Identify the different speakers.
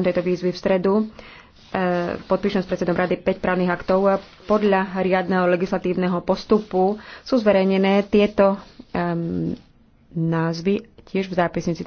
Speaker 1: tejto výzvy v stredu e, podpíšem s predsedom rady 5 právnych aktov. E, podľa riadneho legislatívneho postupu sú zverejnené tieto um,
Speaker 2: názvy tiež v zápisnici.